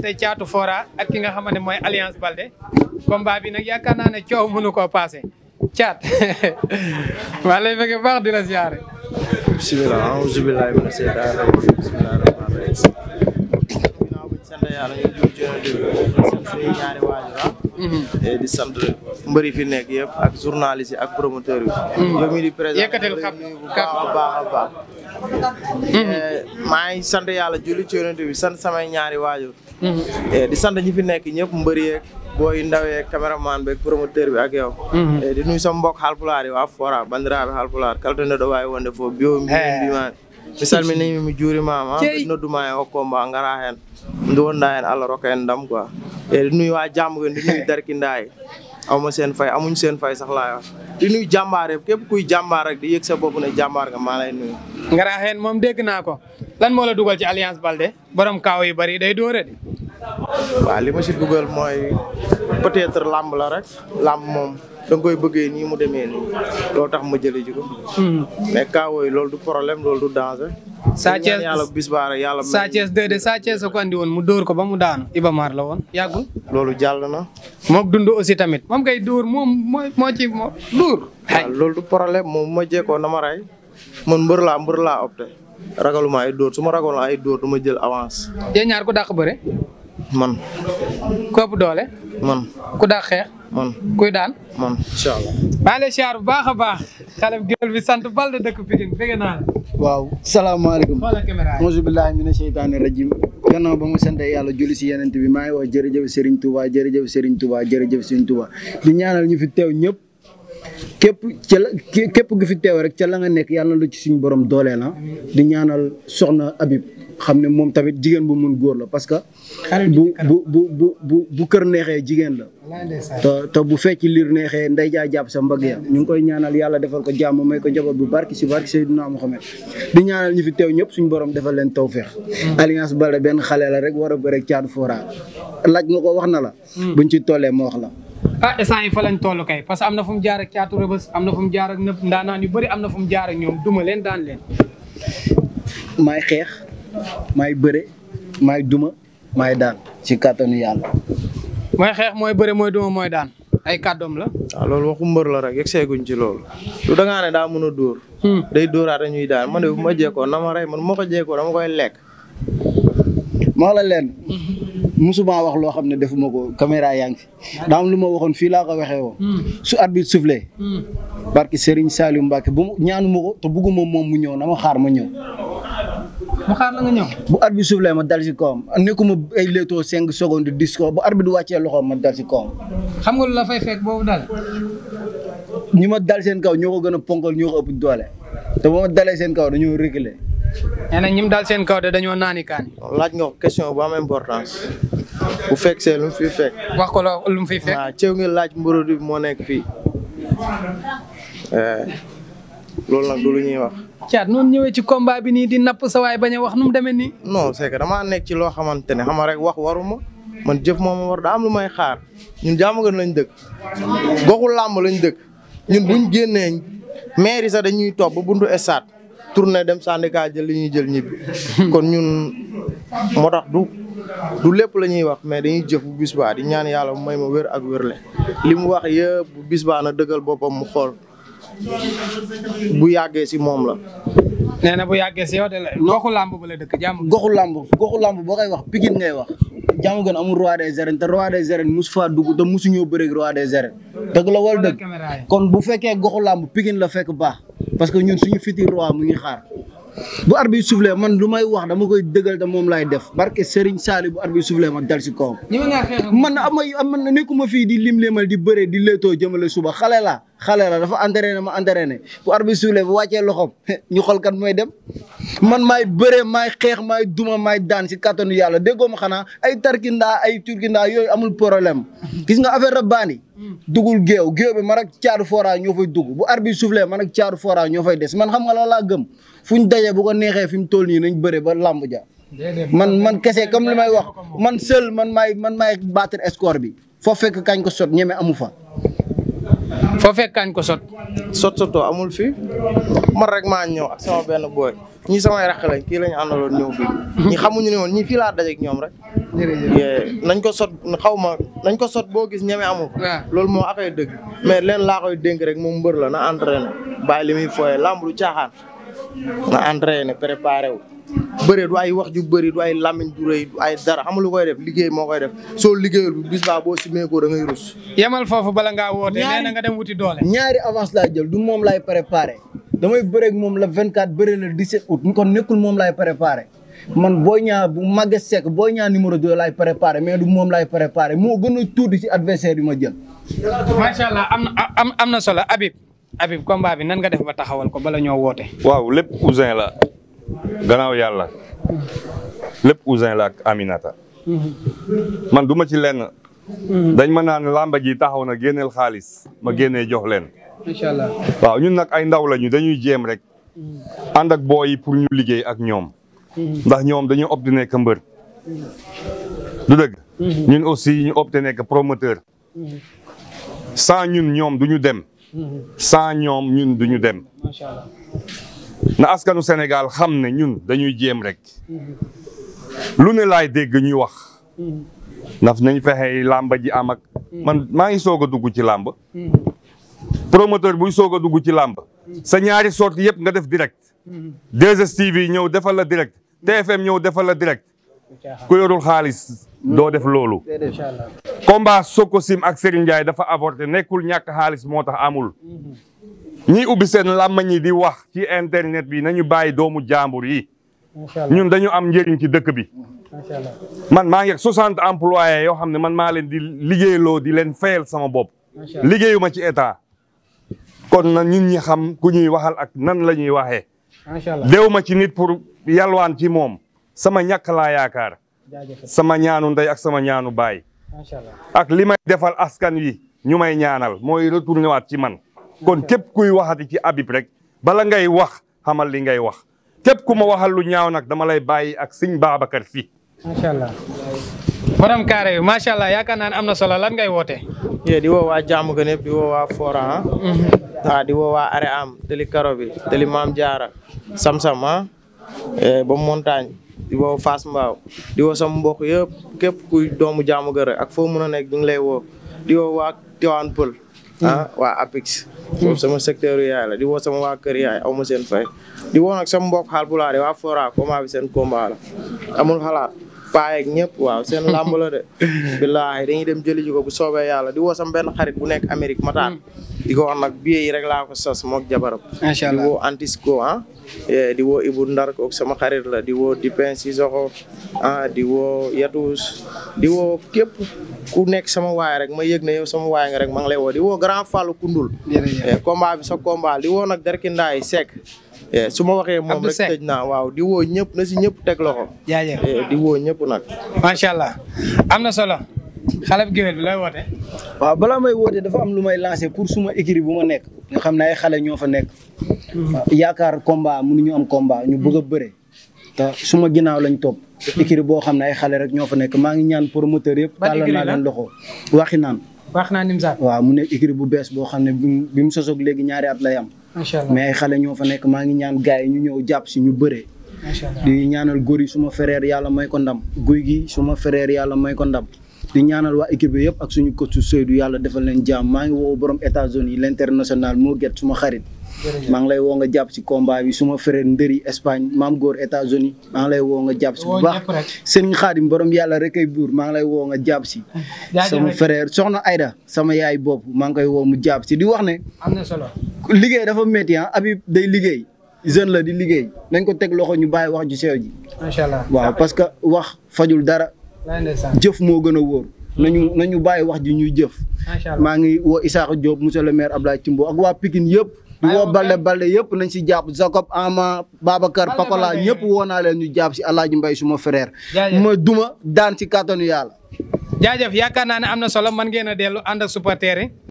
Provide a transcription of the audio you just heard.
te caatu Fora ak ki nga xamante mooy Alliance Baldé combat bi nag yaakaar naa ne coow mënu koo paase caat maa lay fekke baax di la ziare. bisimilah alhamdulilah mina seytaan sant yàlla ñu jëm ci sant suñu di sant mbër yi fi nekk yëpp ak journaliste yi ak promoteur yi. Mhm. yow mii di présenté yëkkatil Mm-hmm. Eh, maa ngi sant yàlla julli ci yonent sant samay ñaari waajur mm-hmm. eh, di sant ñi fi nekk ñëpp mbëri yeeg booy ndawee caméraman beeg bi ak yow mm-hmm. eh, di nuyu sama mbokk halpulaar yi waa Fora bandiraaɓe halpulaar kaltonde ɗo waawi wonde fof bio min mbimaani mi salminimi mi juurimaama ah, nodduma hen hokkomba ngara heen ndu wonda heen allah rokka en ndam quoi e di nuyu waa jàmm gon di nuyu darkindaa aw ma seen fay amuñ seen fay sax laay wax di nuyu jàmbaar yëpp képp kuy jàmbaar rek di yëg sa bopp ne jàmbaar nga maa lay Ngaraxeen moom dégg naa ko lan moola la dugal ci Alliance Baldé borom kaaw yu bari day doore de. waaw li ma si dugal mooy peut-être làmb la rek làmb moom da koy bëggee nii mu demee nii loolu tax ma jëlee ji ko. Hmm. mais kaaw yooyu loolu du problème loolu du danger. Sathies yàlla bis baara yàlla. Sathies 2 de Sathies ko ba mu daanu Ibamar la woon yàggul. loolu jàll na. moom dund aussi tamit. moom kay dóor moom moo moo ci moo lool waaw du problème moom ma jeekoo na ma rey man mbër laa mbër laa opté ragaluma ay dóor su ma ragaloon ay dóor du jël avance. yéen ñaar ku dàq bëre. man. ku doole. man ku dàq xeex. man kuy daan. man incha allah. maa xale bu sant Baldé dëkk Pikine bëgg naa waaw salaamaaleykum. xoolal caméra yi auzu billaahi mina sheytaani rajiim. gannaaw ba mu sentee yàlla julli si yeneen bi maa ngi wax jërëjëf Serigne Touba jërëjëf Serigne Touba jërëjëf Serigne Touba di ñaanal ñu fi teew ñëpp. képp ca la képp gu fi teew rek ca la nga nekk yàlla na lu ci suñu borom doole la ah. di ñaanal soxna Habib xam ne moom tamit jigéen bu mun góor la parce que bu bu bu bu bu kër neexee jigéen la to te bu fecc liir neexee nday jaa jàpp sa mbagg ya ñu ngi koy ñaanal yàlla defal ko jàmm may ko njaboot bu barki si barki Seydina Muhammad di ñaanal ñu fi teew ñëpp suñu borom defal leen tawféex mm. Alliance Baldé benn xale la rek war a bëre caatu foora laaj nga ko wax na la mm. buñ ci tollee ma wax la ah instant yi fa lañ toll kay parce que am na fu mu jaar ak caatu rëbës am na fu mu jaar ak nëpp ndaanaan yu bëri am na fu mu jaar ak ñoom duma leen daan leen xeex maay bëre maay duma maay daan ci kàttanu yàlla. mooy xeex mooy bëre mooy duma mooy daan ay kàddoom la. waaw ah, loolu waxu mbër la rek yegg seeguñ ci loolu. lu da daa mën a dóor. Hmm. day dóoraat ñuy daan man de bu ma jékkoon na ma rey man bu ma koy lekk. moo la leen. musuma wax loo xam ne defuma ko caméra yaa ngi fi daa am lu ma waxoon fii laa ko waxee woon. Hmm. su arbitre soufflé. Hmm. barke Serigne Saliou Mbacke bu ñaanu ko te bugguma moom mu ñëw na ma xaar ma ñëw. mu xaar la nga ñëw. bu arbitre bi ma dal si kawam nekkuma ay léetoo cinq secondes dix ko bu arbitre bi wàccee loxoom ma dal si kawam. xam nga lu la fay fekk boobu dal. ñi ma dal seen kaw ñoo ko gën a ponkal ñoo ko doole te bu ma seen kaw dañoo reculer. nee na ñi mu dal seen kaw de dañoo naani kaani. laaj nga question bu am importance. bu fekk see lu mu fekk. wax ko la lu fi fiy fekk. waaw ceeb laaj mburu bi moo nekk fii. Eh, loolu nag du lu ñuy wax. caat noonu ñëwee ci combat bi nii di napp sa bañ a wax nu mu demee nii. no seeke que damaa nekk ci loo xamante ne xama rek wax waruma man jëf moo ma war daa lu may xaar ñun jaamu gën nañ dëkk goxu làmb lañ dëkk ñun buñ génnee maire yi sax dañuy topp ba buntu stade tourné dem syndicat jël li ñuy jël ñibbi kon ñun moo tax du du lépp la ñuy wax mais dañuy jëf bu bis baa di ñaan yàlla may ma wér ak wér le li mu wax yëpp bu bis na dëggal boppam mu xool bu yàggee si moom la. nee na bu yàggee si yow la. goxu làmb ba la dëkk jàmm. goxu làmb goxu làmb boo koy wax Pikine ngay wax. jàmm gën amul roi des arènes te roi des arènes mosu faa dugg te mosu ñoo bëreeg roi des arènes dëgg la wala dëgg kon bu fekkee goxu làmb Pikine la fekk baax parce que ñun suñu fiti roi mu ngi xaar bu arbitre bi soufflé man lu may wax dama koy dëggal te moom laay def barke Serigne Sali bu arbitre bi soufflé ma dal si kawam. man am man nekkuma fii di lim limal di bëree di leetoo jëmale suba xale la xale la dafa entraîné ma entraîné bu arbi suulee bu wàccee loxo ñu xool kan mooy dem man may bëree maay xeex maay duma maay daan si kattanu yàlla déggoo ma xanaa ay tar tarkindaa ay turkindaa yooyu amul problème gis nga affaire rabbaani dugul géew géew bi man ak caaru fora ñoo fay dugg bu arbi suulee man ak caaru foora ñoo fay des man xam nga la laa gëm fu ñu dajee bu ko neexee fi mu toll nii nañ bëre ba làmb ja man man kese comme li may wax man seul man maay man maay battre score bi foo fekk kañ ko sot amu fa foo fekk kañ ko sot sot soto amul fi man rek maa ñëw ak sama benn booy ñi samay raq lañ kii lañ àndaloon ñëw bi ñi xamuñu ne woon ñi fii laa dajeek ñoom rek nañ ko sot xaw ma nañ ko sot boo gis ñeme amul loolu moo akay dëgg mais leen laa koy dénk rek moom mbër la na entraîné bàyyi li muy fooye lamb du caaxaan na entraîné préparé wu bëree waaye wax ju bëri waaye ay lamiñ du rëy du ay dara xam koy def liggéey moo koy def soo liggéeyul bu bis boo si ko da ngay rus. yemal foofu bala ngaa woote. nee na nga dem wuti doole. ñaari avance laa jël du moom laay préparé damay bëreeg moom la vingt 24 bëree la 17 août kon nekkul moom laay préparé. man boo Niang bu màgge sec boo Niang numéro 2 laay préparé mais du moom laay préparé moo gën a tuuti ci adversaire yu ma jël. macha allah am am am na solo Habib Habib combat bi nan nga def ba taxawal ko bala ñoo woote. waaw lépp Ousin la. ganaaw yàlla lépp ousin la ak Aminata man duma ci lenn mm-hmm. dañ ma naan làmba ji taxaw na génneel xaalis ma génnee jox leen incha waaw ñun nag ay ndaw lañu dañuy jéem rek mm-hmm. ànd ak booy yi pour ñu liggéey ak ñoom mm-hmm. ndax ñoom dañu opté nekk mbër du dëgg ñun aussi ñu opté nekk promoteur sans ñun ñoom duñu dem sans ñoom ñun duñu dem na askanu Sénégal xam ne ñun dañuy jéem rek lu ne laay dégg ñuy wax ndax nañ fexe làmba ji am man maa ngi soog a dugg ci làmb promoteur buy soog a dugg ci làmb sa ñaari sorties yëpp nga def direct 2STV ñëw defal la direct TFM ñëw defal la direct ku yorul xaalis doo def loolu combat Soko Sim ak Serigne Ndiaye dafa avorté nekkul ñàkk xaalis moo tax amul ñi ubbi seen làmmañ yi di wax ci internet bi nañu bàyyi doomu jàmbur yi ñun dañu am njëriñ ci dëkk bi man maa ngi ak soixante employés yoo xam ne man maa leen di liggéeyloo di leen fayal sama bopp liggéeyuma ci état kon na ñun ñi xam ku ñuy waxal ak nan la ñuy waxee déwuma ci nit pour yalwaan ci moom sama ñàkk laa yaakaar sama ñaanu ndey ak sama ñaanu baay ak li may defal askan wi ñu may ñaanal mooy retourné ci man kon képp kuy waxati ci Habib rek bala ngay wax xamal li ngay wax képp ku ma waxal lu ñaaw nag dama lay bàyyi ak sëñ Babacar Si. macha allah borom carré bi macha allah yaakaar naa ne am na solo lan ngay woote. di woo waa jàmm gën yëpp di woo waa Fora ah. Mhm. di Are am tëli karo bi tëli maam jaara sam-sam ah eh, ba montagne di woo Fass Mbao di woo sama yëpp képp kuy doomu jàmm gën ak foo mën a nekk ñu lay woo di woo waa Tivaouane Hmm. ah waa APIX. boobu sama secteur yaay la di woo sama waa kër yaay aw ma seen fay. di woo nag sama mbokk xaal bu laa de waa Fora combat bi seen combat amul xalaat. paay ak ñëpp waaw seen làmb la de. billaahi dañuy dem jëli ji ko bu soobee yàlla di woo sama benn xarit bu nekk Amérique Matar. Mm. di ko wax nag billet yi rek laa ko di woo Antisco ah. Eh, di woo Ndar ko sama xarit la di woo Dipin Sissoko ah di woo Yatous di woo képp ku nekk sama waay rek ma yëg na sama waay nga rek ma ngi lay woo di woo Grand Fallou Koundoul. jërëjëf eh, combat bi sa di woo nag Derki Ndaay Seck. Eh, su ma waxee moom rek tëj naa waaw di woo ñëpp na si ñëpp teg loxo. jaajëf eh, ñëpp nag. macha allah am na solo. xale bu géwél bi lay woote. waaw balaa may woote dafa am lu may lancé pour suma écurie bu ma nekk. nga xam ne ay xale ñoo fa nekk. yaakaar combat mënuñu am combat ñu bëgg a bëre. te suma ginnaaw lañ topp. écurie boo xam ne ay xale rek ñoo fa nekk maa ngi ñaan promoteur yëpp. tàllal naa leen loxo waxi naan. wax naa Nimzaat waaw mu nekk écurie bu bees boo xam ne bi mu sosoog léegi ñaari at lay am. macha mais xale ñoo fa nekk maa ngi ñaan gars yi ñu ñëw jàpp si ñu bëree. di ñaanal góor yi suma frère yàlla may ko ndam guy gi suma fereer yàlla may ko ndam. di ñaanal waa équipe bi yëpp ak suñu coach Seydou yàlla defal leen jàmm maa ngi woo borom États-Unis l'international Mourguet suma xarit. maa ngi lay woo nga jàpp si combat bi suma frère ndëri Espagne maam góor États-Unis maa ngi lay woo nga jàpp si bu baax Serigne Khadim borom yàlla rek ay buur maa lay woo nga jàpp si sama frère soxna Aida sama yaay bopp maa ngi koy woo mu jàpp si di wax ne am na solo liggéey dafa métti ah day liggéey jeune la di liggéey nañ ko teg loxo ñu bàyyi wax ju sew ji macha allah waaw parce que wax fajul dara jëf moo gën a wóor na ñu bàyyi wax ji ñuy jëf maa ngi woo Isaaxa Diop monsieur le maire Abdoulaye Timbo ak waa Pikine yëpp di woo bale Balde yëpp nañ si jàpp Jacob Ama Babacar Pakola ñëpp woo naa leen ñu jàpp si Alaaji Mbay suma frère. ma duma daan si kàttanu yàlla. jaajëf yaakaar naa ne am na solo man ngeen a dellu ànd ak supporter yi